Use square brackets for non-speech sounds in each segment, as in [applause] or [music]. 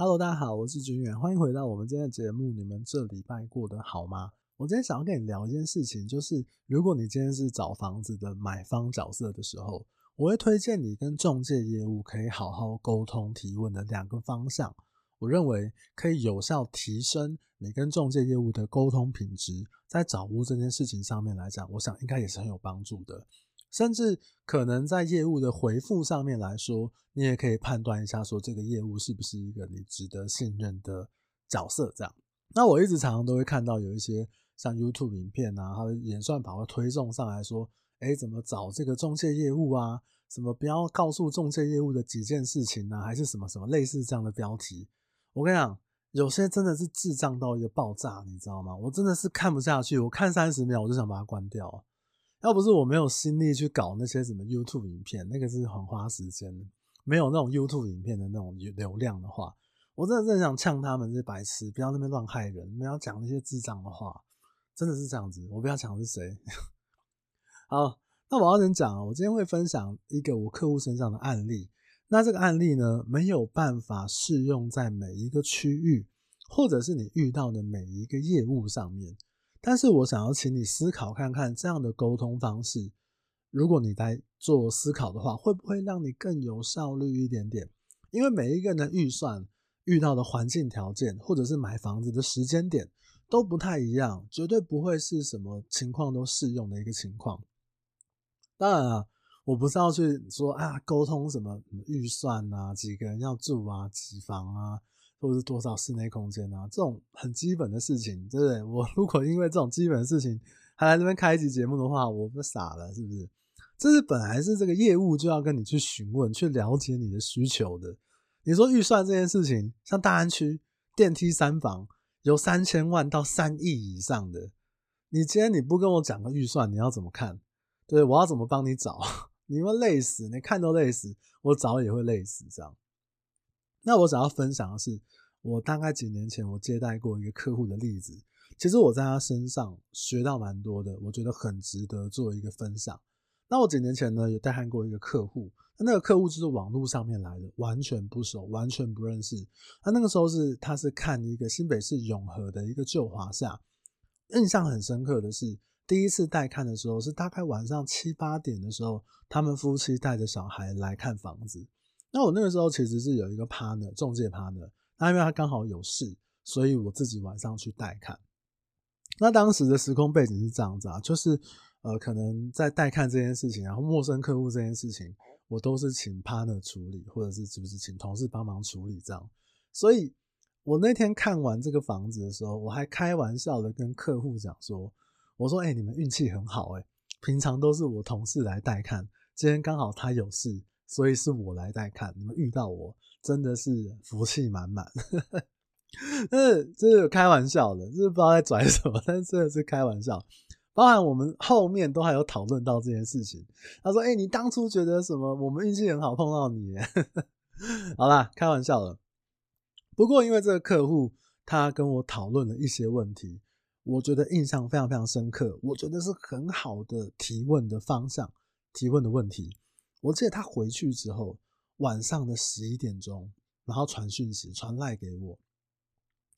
哈嘍，大家好，我是軍遠，歡迎回到我們今天的節目。你們這禮拜過得好嗎？我今天想要跟你聊一件事情，就是如果你今天是找房子的買方角色的時候，我會推薦你跟仲介業務可以好好溝通提問的兩個方向。我認為可以有效提升你跟仲介業務的溝通品質，在找屋這件事情上面來講，我想應該也是很有幫助的。甚至可能在業務的回復上面來說，你也可以判斷一下，說這個業務是不是一個你值得信任的角色？這樣，那我一直常常都會看到有一些像 YouTube 影片啊，還有演算法會推送上來說，哎，怎麼找這個中介業務啊？什麼不要告訴中介業務的幾件事情呢、啊？還是什麼什麼類似這樣的標題？我跟你講，有些真的是智障到一個爆炸，你知道嗎？我真的是看不下去，我看三十秒我就想把它關掉。要不是我沒有心力去搞那些什麼 YouTube 影片，那個是很花時間的，沒有那種 YouTube 影片的那種流量的話，我真的真的想嗆他們這些白痴，不要那邊亂害人，不要講那些智障的話，真的是這樣子。我不要講是誰。 [laughs] 好，那我要先講啊，我今天會分享一個我客戶身上的案例。那這個案例呢，沒有辦法適用在每一個區域，或者是你遇到的每一個業務上面。但是我想要請你思考看看，這樣的溝通方式，如果你在做思考的話，會不會讓你更有效率一點點？因為每一個人的預算、遇到的環境條件，或者是買房子的時間點都不太一樣，絕對不會是什麼情況都適用的一個情況。當然啊，我不是要去說啊，溝通什麼預算啊，幾個人要住啊，幾房啊。或是多少室內空間呢、啊？這種很基本的事情，對不對？我如果因為這種基本的事情還來這邊開一集節目的話，我不傻了，是不是？這是本來是這個業務就要跟你去詢問、去了解你的需求的。你說預算這件事情，像大安區電梯三房有三千萬到三億以上的，你今天你不跟我講個預算，你要怎麼看？對，我要怎麼幫你找？ [laughs] 你會累死，你看都累死，我找也會累死，這樣。那我想要分享的是，我大概幾年前我接待過一個客戶的例子，其實我在他身上學到蠻多的，我覺得很值得做一個分享。那我幾年前呢，也帶看過一個客戶，那個客戶就是網路上面來的，完全不熟，完全不認識。他那，那個時候是，他是看一個新北市永和的一個舊華廈，印象很深刻的是，第一次帶看的時候是大概晚上七八點的時候，他們夫妻帶着小孩來看房子。那我那個時候其實是有一個 partner 仲介 partner，他因為他剛好有事，所以我自己晚上去帶看。那當時的時空背景是這樣子啊，就是呃，可能在帶看這件事情，然後陌生客戶這件事情，我都是請 partner 處理，或者是是不是請同事幫忙處理這樣。所以，我那天看完這個房子的時候，我還開玩笑的跟客戶講說：“我說，欸，你們運氣很好欸，平常都是我同事來帶看，今天剛好他有事。”所以是我來帶看，你們遇到我真的是福氣滿滿。 [laughs] 但是這、就是開玩笑的，這、就是不知道在拽什麼，但是真的是開玩笑。包含我們後面都還有討論到這件事情。他說：“哎、欸，你當初覺得什麼？我們運氣很好碰到你。 [laughs] ”好啦，開玩笑了。不過因為這個客戶，他跟我討論了一些問題，我覺得印象非常非常深刻。我覺得是很好的提問的方向，提問的問題。我記得他回去之後，晚上的十一點鐘，然後傳訊息傳 LINE 給我。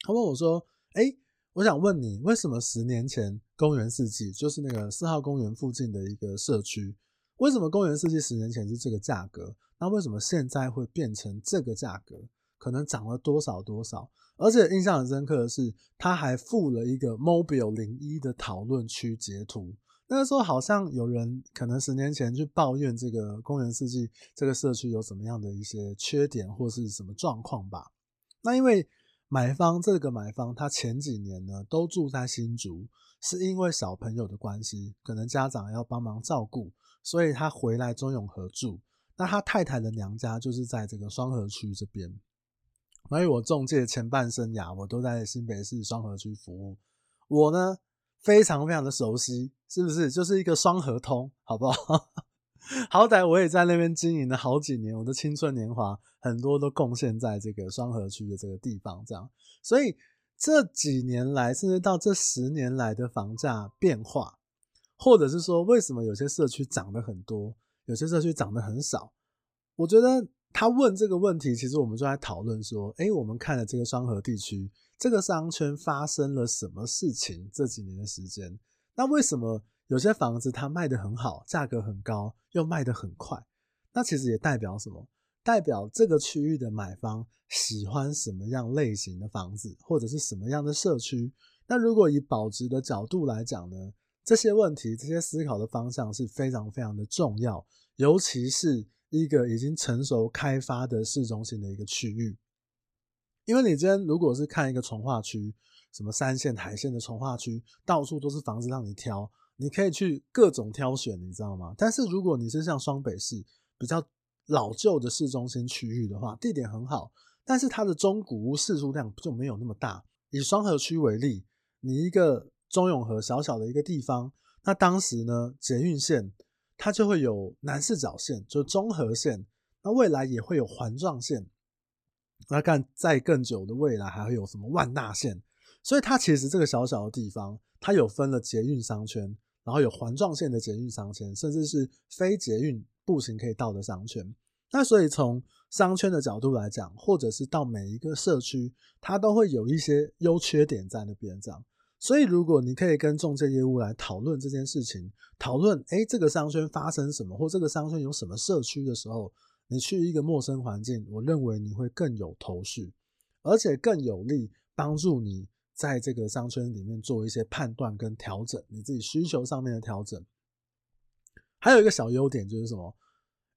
他問我說：“誒、欸，我想問你，為什麼十年前公園四季就是那個四號公園附近的一個社區，為什麼公園四季十年前是這個價格？那為什麼現在會變成這個價格？可能漲了多少多少？而且印象很深刻的是，他還附了一個 Mobile 01的討論區截圖。”那時候好像有人可能十年前去抱怨這個公園四季這個社區有什麼樣的一些缺點或是什麼狀況吧？那因為買方，這個買方他前幾年呢，都住在新竹，是因為小朋友的關係，可能家長要幫忙照顧，所以他回來中永和住。那他太太的娘家就是在這個雙和區這邊，所以我仲介前半生涯我都在新北市雙和區服務，我呢。非常非常的熟悉，是不是？就是一個雙和通，好不好？ [laughs] 好歹我也在那邊經營了好幾年，我的青春年華很多都貢獻在這個雙和區的這個地方，這樣。所以這幾年來，甚至到這十年來的房價變化，或者是說為什麼有些社區漲得很多，有些社區漲得很少？我覺得他問這個問題，其實我們就在討論說：誒，我們看了這個雙和地區。這個商圈發生了什麼事情？這幾年的時間，那為什麼有些房子它賣得很好，價格很高，又賣得很快？那其實也代表什麼？代表這個區域的買方喜歡什麼樣類型的房子，或者是什麼樣的社區？那如果以保值的角度來講呢？這些問題，這些思考的方向是非常非常的重要，尤其是一個已經成熟開發的市中心的一個區域。因為你今天如果是看一個重劃區，什麼三線、台線的重劃區，到處都是房子讓你挑，你可以去各種挑選，你知道嗎？但是如果你是像雙北市比較老舊的市中心區域的話，地點很好，但是它的中古屋釋出量就沒有那麼大。以雙和區為例，你一個中永和小小的一個地方，那當時呢捷運線它就會有南勢角線，就中和線，那未來也會有環狀線。那看在更久的未來還會有什麼萬大線，所以它其實這個小小的地方，它有分了捷運商圈，然後有環狀線的捷運商圈，甚至是非捷運步行可以到的商圈。那所以從商圈的角度來講，或者是到每一個社區，它都會有一些優缺點在那邊這樣。所以如果你可以跟中介業務來討論這件事情討論，討論誒這個商圈發生什麼，或這個商圈有什麼社區的時候，你去一個陌生環境，我認為你會更有頭緒，而且更有力幫助你在這個商圈裡面做一些判斷跟調整，你自己需求上面的調整。還有一個小優點就是什麼？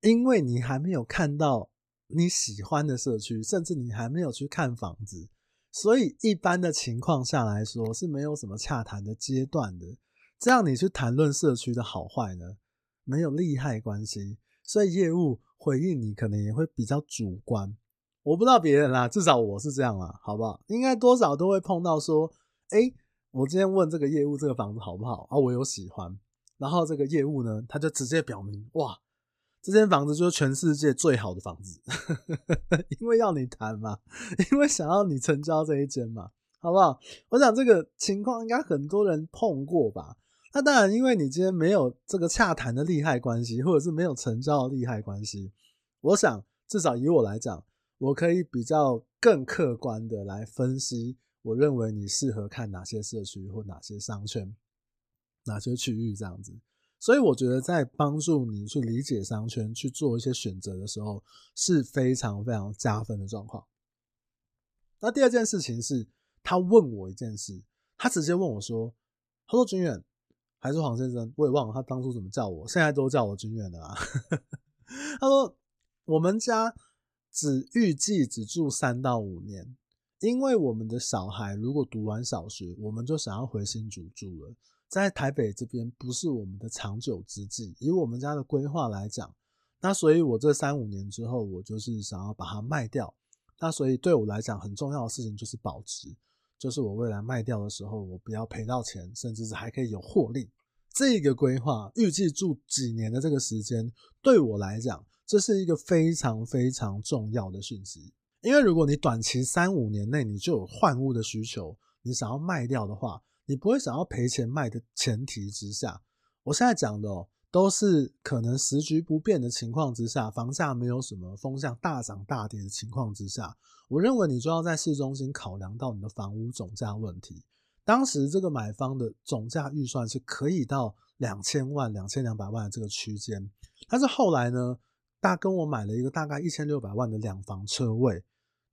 因為你還沒有看到你喜歡的社區，甚至你還沒有去看房子，所以一般的情況下來說是沒有什麼洽談的階段的。這樣你去談論社區的好壞呢，沒有利害關係，所以業務。回應你可能也會比較主觀，我不知道別人啦，至少我是這樣啦，好不好？應該多少都會碰到說，哎，我今天問這個業務這個房子好不好，啊，我有喜歡，然後這個業務呢，他就直接表明，哇，這間房子就是全世界最好的房子，呵呵呵，因為要你談嘛，因為想要你成交這一間嘛，好不好？我想這個情況應該很多人碰過吧。那當然，因為你今天沒有這個洽談的利害關係，或者是沒有成交的利害關係，我想至少以我來講，我可以比較更客觀的來分析，我認為你適合看哪些社區或哪些商圈，哪些區域這樣子。所以我覺得在幫助你去理解商圈去做一些選擇的時候，是非常非常加分的狀況。那第二件事情是，他問我一件事，他直接問我說：“Hello 軍遠。”還是黃先生，我也忘了他當初怎麼叫我，現在都叫我軍遠的啊。 [laughs] 他說我們家只預計只住三到五年，因為我們的小孩如果讀完小學，我們就想要回新竹住了，在台北這邊不是我們的長久之計。以我們家的規劃來講，那所以我這三五年之後，我就是想要把它賣掉。那所以對我來講，很重要的事情就是保值。就是我未來賣掉的時候，我不要賠到錢，甚至是還可以有獲利。這個規劃預計住幾年的這個時間，對我來講，這是一個非常非常重要的訊息。因為如果你短期三五年內你就有換屋的需求，你想要賣掉的話，你不會想要賠錢賣的前提之下，我現在講的、哦。都是可能時局不變的情況之下，房價沒有什麼風向大漲大跌的情況之下，我認為你就要在市中心考量到你的房屋總價問題。當時這個買方的總價預算是可以到兩千萬、兩千兩百萬的這個區間，但是後來呢，他跟我買了一個大概一千六百萬的兩房車位。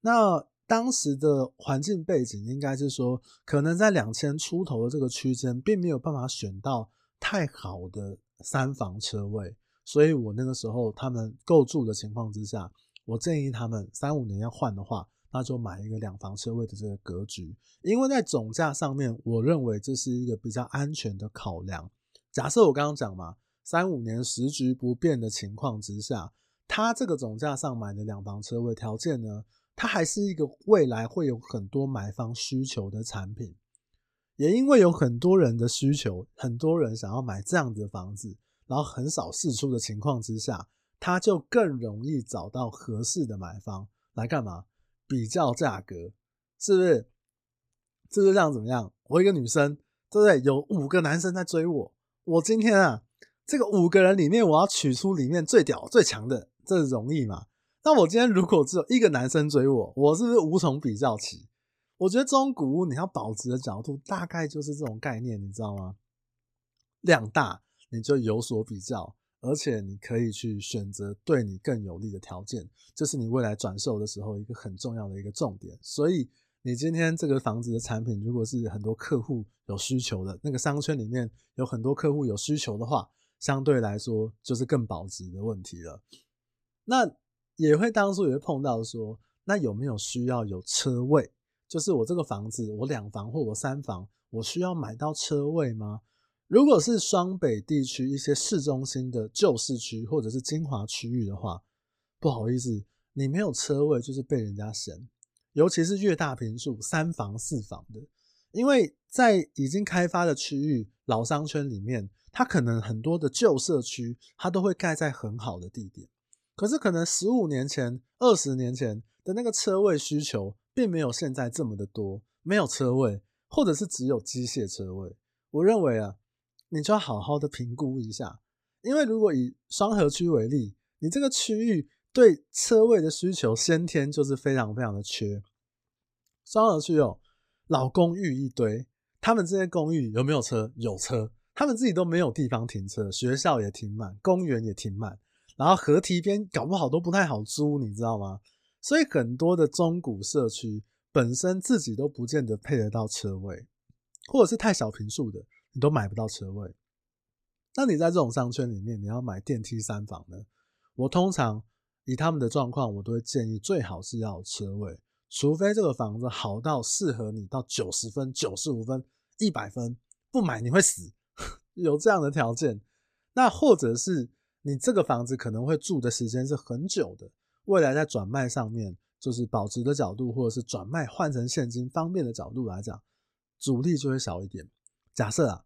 那當時的環境背景應該是說，可能在兩千出頭的這個區間，並沒有辦法選到太好的。三房車位，所以我那個時候他們夠住的情況之下，我建議他們三五年要換的話，那就買一個兩房車位的這個格局，因為在總價上面，我認為這是一個比較安全的考量。假設我剛剛講嘛，三五年時局不變的情況之下，它這個總價上買的兩房車位條件呢，它還是一個未來會有很多買方需求的產品。也因為有很多人的需求，很多人想要買這樣子的房子，然後很少釋出的情況之下，他就更容易找到合適的買方來幹嘛？比較價格，是不是？是不是這就像怎麼樣？我一個女生，對不對？有五個男生在追我，我今天啊，這個五個人裡面，我要取出裡面最屌最強的，這是容易嗎？那我今天如果只有一個男生追我，我是不是無從比較起？我覺得中古屋你要保值的角度，大概就是這種概念，你知道嗎？量大你就有所比較，而且你可以去選擇對你更有利的條件，這就是你未來轉售的時候一個很重要的一個重點。所以，你今天這個房子的產品，如果是很多客戶有需求的，那個商圈裡面有很多客戶有需求的話，相對來說就是更保值的問題了。那也會當初也會碰到說，那有沒有需要有車位？就是我這個房子，我兩房或我三房，我需要買到車位嗎？如果是雙北地區一些市中心的舊市區或者是精華區域的話，不好意思，你沒有車位就是被人家嫌。尤其是越大坪數、三房四房的，因為在已經開發的區域老商圈裡面，它可能很多的舊社區，它都會蓋在很好的地點，可是可能十五年前、二十年前的那個車位需求。並沒有現在這麼的多，沒有車位，或者是只有機械車位。我認為啊，你就要好好的評估一下，因為如果以雙和區為例，你這個區域對車位的需求先天就是非常非常的缺。雙和區有，哦，老公寓一堆，他們這些公寓有沒有車？有車，他們自己都沒有地方停車，學校也停滿，公園也停滿，然後河堤邊搞不好都不太好租，你知道嗎？所以很多的中古社區本身自己都不見得配得到車位，或者是太小坪數，的，你都買不到車位。那你在這種商圈裡面，你要買電梯三房呢？我通常以他們的狀況，我都會建議最好是要有車位，除非這個房子好到適合你到九十分、九十五分、一百分，不買你會死。有這樣的條件，那或者是你這個房子可能會住的時間是很久的。未來在轉賣上面，就是保值的角度，或者是轉賣換成現金方便的角度來講，阻力就會小一點。假設啊，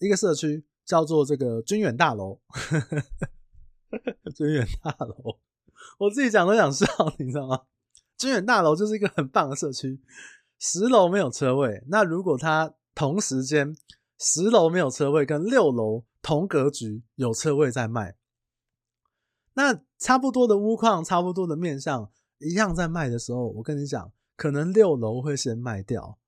一個社區叫做這個軍遠大樓，呵呵軍遠大樓，我自己講都想笑，你知道嗎？軍遠大樓就是一個很棒的社區，十樓沒有車位，那如果它同時間十樓沒有車位，跟六樓同格局有車位在賣。那差不多的屋況，差不多的面向，一樣在賣的時候，我跟你講，可能六樓會先賣掉，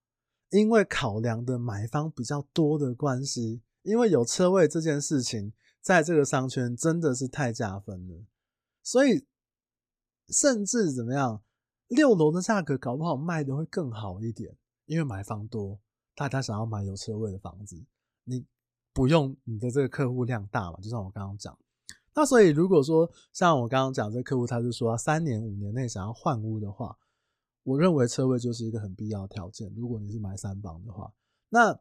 因為考量的買方比較多的關係，因為有車位這件事情，在這個商圈真的是太加分了，所以甚至怎麼樣，六樓的價格搞不好賣的會更好一點，因為買方多，大家想要買有車位的房子，你不用你的這個客戶量大嘛，就像我剛剛講。那所以，如果說像我剛剛講這客戶，他是說啊三年五年內想要換屋的話，我認為車位就是一個很必要的條件。如果你是買三房的話，那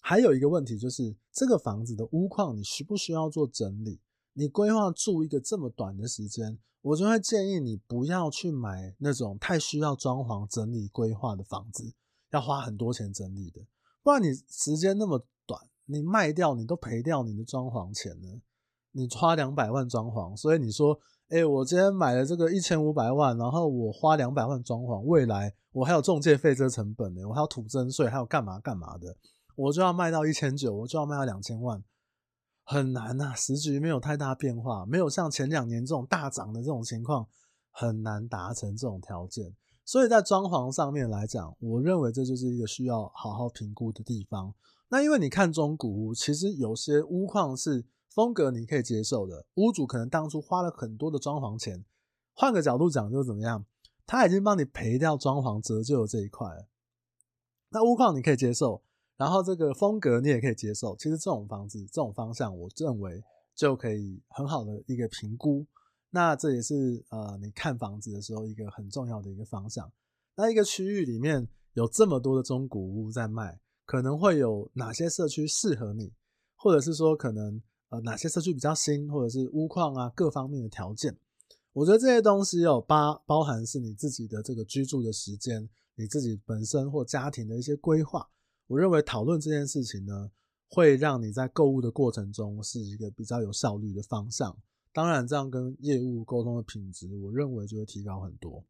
還有一個問題就是這個房子的屋況，你需不需要做整理？你規劃住一個這麼短的時間，我就會建議你不要去買那種太需要裝潢整理規劃的房子，要花很多錢整理的。不然你時間那麼短，你賣掉你都賠掉你的裝潢錢呢。你花兩百萬裝潢，所以你說，誒、欸，我今天買了這個一千五百萬，然後我花兩百萬裝潢，未來我還有仲介費、這成本，呢，我還要土增稅，還要幹嘛幹嘛的，我就要賣到一千九，我就要賣到兩千萬，很難吶、啊。時局沒有太大變化，沒有像前兩年這種大漲的這種情況，很難達成這種條件。所以在裝潢上面來講，我認為這就是一個需要好好評估的地方。那因為你看中古屋，其實有些屋況是。風格你可以接受的，屋主可能當初花了很多的裝潢錢，換個角度講就是怎麼樣，他已經幫你賠掉裝潢折舊這一塊了，那屋況你可以接受，然後這個風格你也可以接受，其實這種房子這種方向我認為就可以很好的一個評估，那這也是呃你看房子的時候一個很重要的一個方向，那一個區域裡面有這麼多的中古屋在賣，可能會有哪些社區適合你，或者是說可能。呃，哪些社區比較新，或者是屋況啊，各方面的條件，我覺得這些東西有八包含是你自己的這個居住的時間，你自己本身或家庭的一些規劃。我認為討論這件事情呢，會讓你在購物的過程中是一個比較有效率的方向。當然，這樣跟業務溝通的品質，我認為就會提高很多。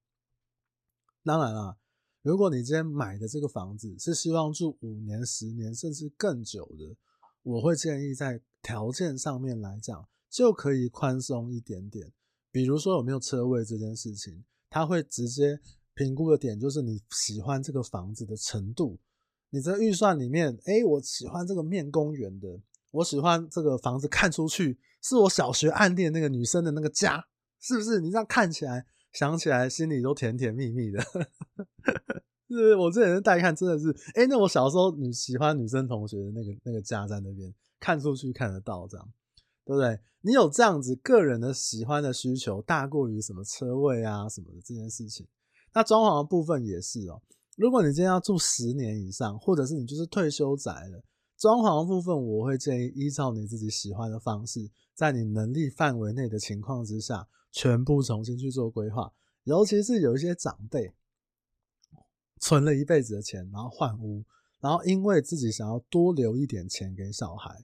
當然啊，如果你今天買的這個房子是希望住五年、十年甚至更久的，我會建議在條件上面來講，就可以寬鬆一點點。比如說有沒有車位這件事情，他會直接評估的點就是你喜歡這個房子的程度。你這預算裡面，誒、欸，我喜歡這個面公園的，我喜歡這個房子看出去是我小學暗戀那個女生的那個家，是不是？你這樣看起來、想起來，心裡都甜甜蜜蜜的， [laughs] 是不是？我這人帶看真的是，誒、欸，那我小時候女喜歡女生同學的那個那個家在那邊。看出去看得到，這樣對不對？你有這樣子個人的喜歡的需求，大過於什麼車位啊什麼的這件事情。那裝潢的部分也是哦，如果你今天要住十年以上，或者是你就是退休宅了，裝潢的部分我會建議依照你自己喜歡的方式，在你能力範圍內的情況之下，全部重新去做規劃。尤其是有一些長輩存了一輩子的錢，然後換屋，然後因為自己想要多留一點錢給小孩。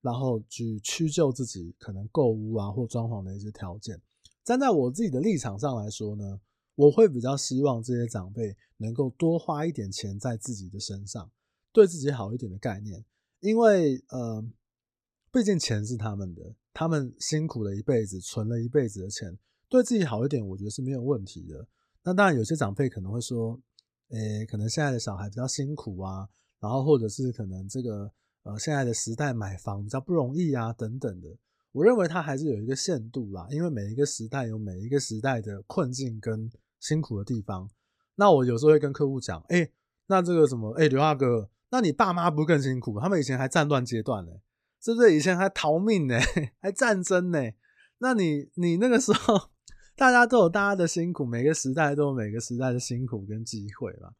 然後去屈就自己可能購物啊或裝潢的一些條件。站在我自己的立場上來說呢，我會比較希望這些長輩能夠多花一點錢在自己的身上，對自己好一點的概念。因為呃，畢竟錢是他們的，他們辛苦了一輩子，存了一輩子的錢，對自己好一點，我覺得是沒有問題的。那當然，有些長輩可能會說，欸，誒，可能現在的小孩比較辛苦啊，然後或者是可能這個。現在的時代買房比較不容易啊，等等的，我認為它還是有一個限度啦，因為每一個時代有每一個時代的困境跟辛苦的地方。那我有時候會跟客戶講，哎，那這個什麼，哎，劉大哥，那你爸媽不更辛苦？他們以前還戰亂階段呢、欸，是不是？以前還逃命呢、欸，還戰爭呢、欸？那你你那個時候，大家都有大家的辛苦，每個時代都有每個時代的辛苦跟機會啦，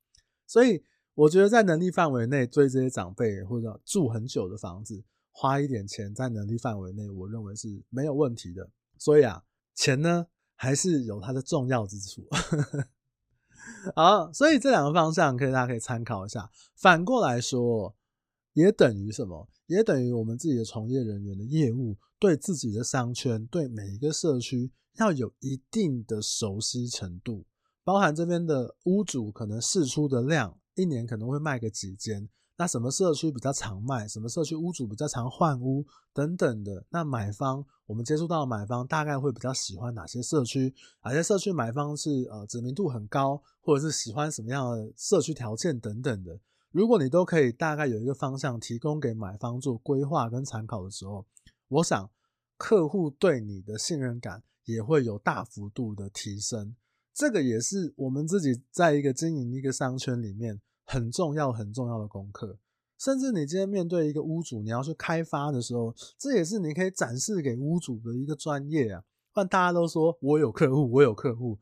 所以。我覺得在能力範圍內追這些長輩，或者住很久的房子，花一點錢在能力範圍內，我認為是沒有問題的。所以啊，錢呢，還是有它的重要之處。 [laughs] 好，所以這兩個方向可以大家可以參考一下。反過來說，也等於什麼？也等於我們自己的從業人員的業務，對自己的商圈，對每一個社區要有一定的熟悉程度，包含這邊的屋主可能釋出的量。一年可能會賣個幾間，那什麼社區比較常賣？什麼社區屋主比較常換屋等等的？那買方，我們接觸到的買方大概會比較喜歡哪些社區？哪些社區買方是呃知名度很高，或者是喜歡什麼樣的社區條件等等的？如果你都可以大概有一個方向提供給買方做規劃跟參考的時候，我想客戶對你的信任感也會有大幅度的提升。這個也是我們自己在一個經營一個商圈裡面。很重要很重要的功課，甚至你今天面對一個屋主，你要去開發的時候，這也是你可以展示給屋主的一個專業啊。不然大家都說我有客戶，我有客戶，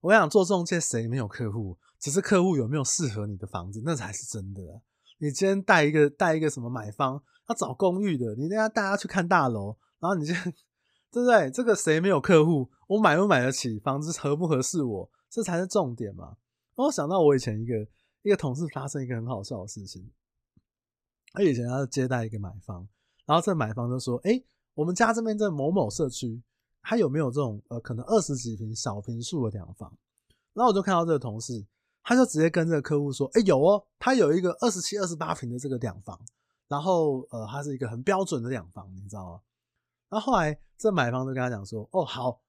我想做中介誰沒有客戶？只是客戶有沒有適合你的房子，那才是真的啊。你今天帶一個帶一個什麼買方，他找公寓的，你等下帶他去看大樓，然後你就，對不對？這個誰沒有客戶？我買不買得起，房子合不合適我，這才是重點嘛。然後我想到我以前一個。一個同事發生一個很好笑的事情。他以前他接待一個買方，然後這買方就說：“哎，我們家這邊在某某社區，還有沒有這種呃，可能二十幾坪小坪數的兩房？”然後我就看到這個同事，他就直接跟這個客戶說：“哎，有哦、喔，他有一個二十七、二十八坪的這個兩房，然後呃，他是一個很標準的兩房，你知道嗎？”然後後來這買方就跟他講說：“哦，好，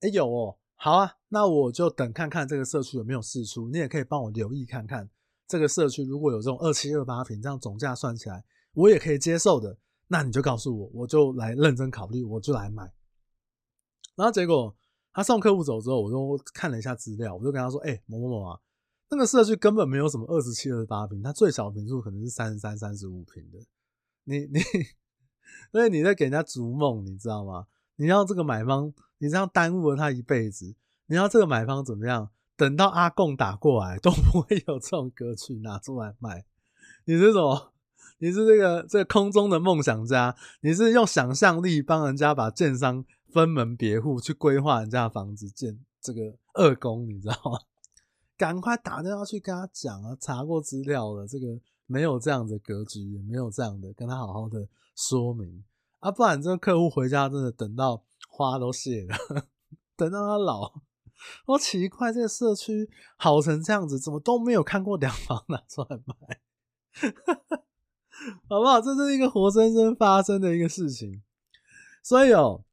哎，有哦、喔，好啊，那我就等看看這個社區有沒有釋出，你也可以幫我留意看看。”這個社區如果有這種二七二八坪，這樣總價算起來我也可以接受的，那你就告訴我，我就來認真考慮，我就來買。然後結果他送客戶走之後，我就看了一下資料，我就跟他說：“哎、欸，某某某啊，那個社區根本沒有什麼二十七二十八坪，它最小的坪數可能是三十三三十五坪的。你你，所以你在給人家築夢，你知道嗎？你讓這個買方，你這樣耽誤了他一輩子，你讓這個買方怎麼樣？”等到阿共打過來都不會有這種格局拿出來賣，你這種你是這個這個空中的夢想家，你是用想象力幫人家把建商分門別戶去規劃人家的房子建這個二宮，你知道嗎？趕快打電話去跟他講啊，查過資料了，這個沒有這樣的格局，也沒有這樣的，跟他好好的說明啊，不然這個客戶回家真的等到花都謝了，等到他老。好奇怪，這個社區好成這樣子，怎麼都沒有看過兩房拿出來賣？ [laughs] 好不好？這是一個活生生發生的一個事情。所以哦，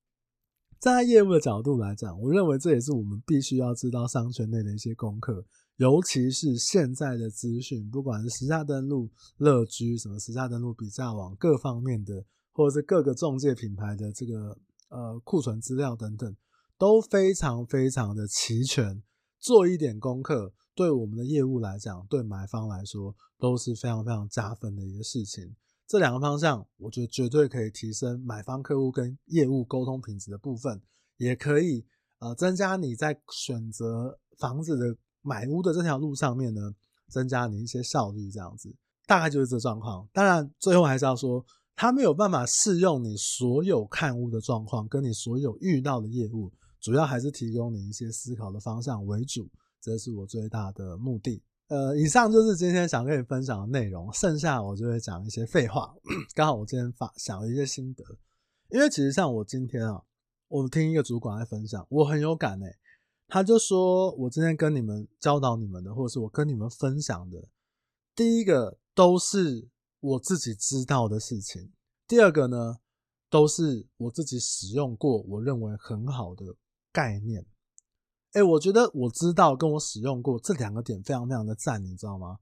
在業務的角度來講，我認為這也是我們必須要知道商圈內的一些功課，尤其是現在的資訊，不管是實價登錄樂居、什麼實價登錄比價網各方面的，或者是各個仲介品牌的這個呃庫存資料等等。都非常非常的齊全，做一點功課，對我們的業務來講，對買方來說都是非常非常加分的一個事情。這兩個方向，我覺得絕對可以提升買方客戶跟業務溝通品質的部分，也可以呃增加你在選擇房子的買屋的這條路上面呢，增加你一些效率。這樣子，大概就是這狀況。當然，最後還是要說，他沒有辦法適用你所有看屋的狀況，跟你所有遇到的業務。主要還是提供你一些思考的方向為主，這是我最大的目的。呃，以上就是今天想跟你分享的內容，剩下我就會講一些廢話。剛 [coughs] 好我今天發想了一些心得，因為其實像我今天啊，我聽一個主管來分享，我很有感誒、欸。他就說我今天跟你們教導你們的，或者是我跟你們分享的，第一個都是我自己知道的事情，第二個呢，都是我自己使用過，我認為很好的。概念，哎、欸，我覺得我知道跟我使用過這兩個點非常非常的贊，你知道嗎？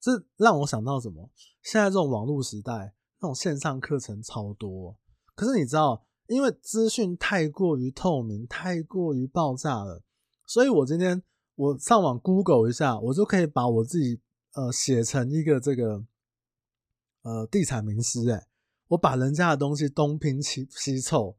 這讓我想到什麼？現在這種網絡時代，那種線上課程超多，哦，可是你知道，因為資訊太過於透明，太過於爆炸了，所以我今天我上網 Google 一下，我就可以把我自己呃寫成一個這個呃地產名師哎，欸，我把人家的東西東拼西湊，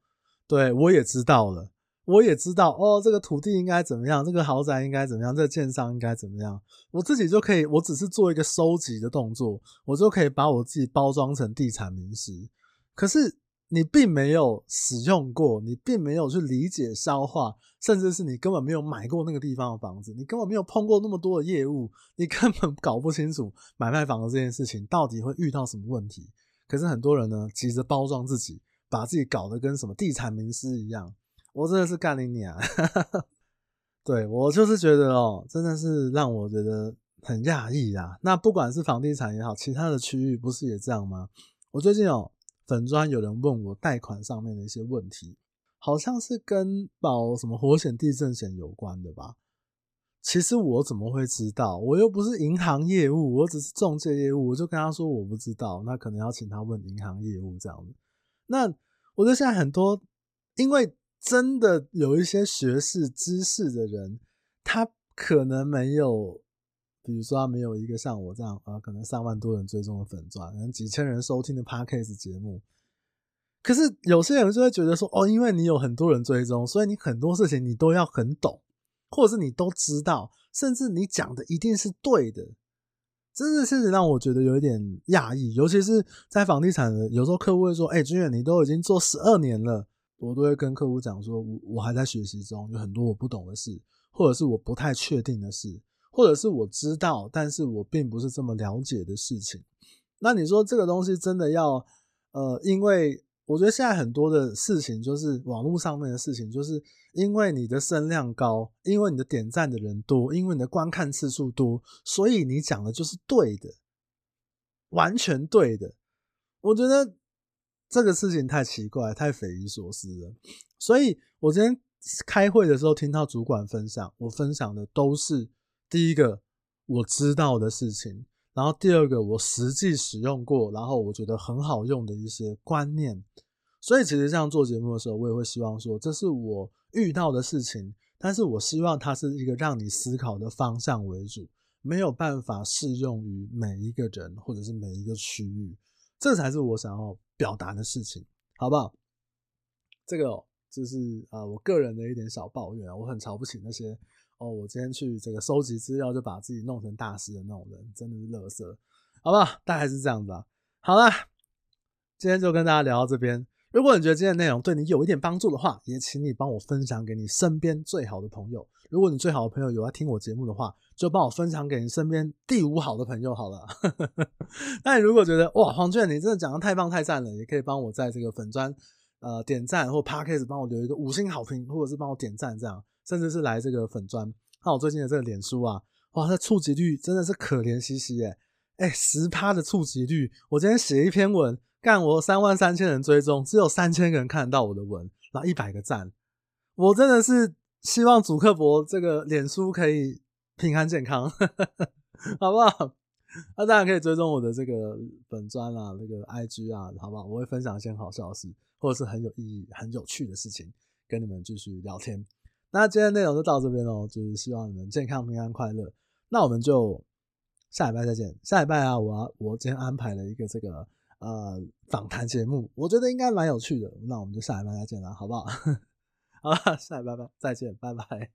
對，我也知道了。我也知道哦，這個土地應該怎麼樣，這個豪宅應該怎麼樣，這個建商應該怎麼樣，我自己就可以，我只是做一個收集的動作，我就可以把我自己包裝成地產名師。可是你並沒有使用過，你並沒有去理解消化，甚至是你根本沒有買過那個地方的房子，你根本沒有碰過那麼多的業務，你根本搞不清楚買賣房子這件事情到底會遇到什麼問題。可是很多人呢，急着包裝自己，把自己搞得跟什麼地產名師一樣。我真的是幹你娘！ [laughs] 對，我就是覺得哦、喔，真的是讓我覺得很訝異啦。那不管是房地產也好，其他的區域不是也這樣嗎？我最近哦、喔，粉專有人問我貸款上面的一些問題，好像是跟保什麼火險、地震險有關的吧？其實我怎麼會知道？我又不是銀行業務，我只是仲介業務，我就跟他說我不知道，那可能要請他問銀行業務這樣子。那我覺得現在很多因為。真的有一些學識知識的人，他可能沒有，比如說他沒有一個像我這樣啊，可能上萬多人追蹤的粉專，幾千人收聽的 Podcast 節目。可是有些人就會覺得說，哦，因為你有很多人追蹤，所以你很多事情你都要很懂，或者是你都知道，甚至你講的一定是對的。真是，甚至讓我覺得有一點訝異，尤其是在房地產的，有時候客戶會說，哎、欸，軍遠，你都已經做十二年了。我都會跟客戶講說，我我還在學習中，有很多我不懂的事，或者是我不太確定的事，或者是我知道，但是我並不是這麼了解的事情。那你說這個東西真的要，呃，因為我覺得現在很多的事情，就是網絡上面的事情，就是因為你的聲量高，因為你的點贊的人多，因為你的觀看次數多，所以你講的就是對的，完全對的。我覺得。這個事情太奇怪，太匪夷所思了。所以，我今天開會的時候聽到主管分享，我分享的都是第一個我知道的事情，然後第二個我實際使用過，然後我覺得很好用的一些觀念。所以，其實這樣做節目的時候，我也會希望說，這是我遇到的事情，但是我希望它是一個讓你思考的方向為主，沒有辦法適用於每一個人或者是每一個區域。這才是我想要表達的事情，好不好？這個就是呃，我個人的一點小抱怨，我很瞧不起那些哦，我今天去這個收集資料就把自己弄成大師的那種人，真的是樂色，好不好？大概是這樣子啊。好啦，今天就跟大家聊到這邊。如果你覺得今天的內容對你有一點幫助的話，也請你幫我分享給你身邊最好的朋友。如果你最好的朋友有來聽我節目的話，就幫我分享給你身邊第五好的朋友好了。那如果覺得哇黃軍你真的講得太棒太讚了，也可以幫我在這個粉專呃點讚或 Podcast 幫我留一個五星好評，或者是幫我點讚這樣，甚至是來這個粉專看我最近的這個臉書啊，哇，它的觸及率真的是可憐兮兮耶、欸欸！哎十趴的觸及率，我今天寫一篇文。幹我三萬三千人追蹤，只有三千個人看得到我的文，然後一百個讚，我真的是希望祖克伯這個臉書可以平安健康，呵呵，好不好？那大家可以追蹤我的這個本專啊，那、這個 IG 啊，好不好？我會分享一些好消息，或者是很有意義、很有趣的事情，跟你們繼續聊天。那今天內容就到這邊嘍，就是希望你們健康、平安、快樂。那我們就下禮拜再見，下禮拜啊，我要、啊、我今天安排了一個這個。呃，訪談節目，我覺得應該蠻有趣的。那我們就下禮拜再見了，好不好？ [laughs] 好吧，下禮拜拜再見，拜拜。